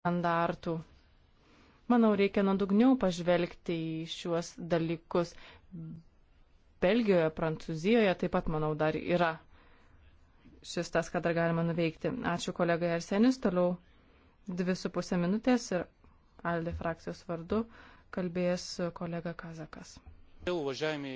standartų. Manau, reikia nuodugniau pažvelgti į šiuos dalykus. Belgijoje, Prancūzijoje taip pat, manau, dar yra šis tas, ką dar galima nuveikti. Ačiū kolegai Arsenis, toliau dvi su pusė minutės ir Aldi frakcijos vardu kalbės kolega Kazakas. Уважаемый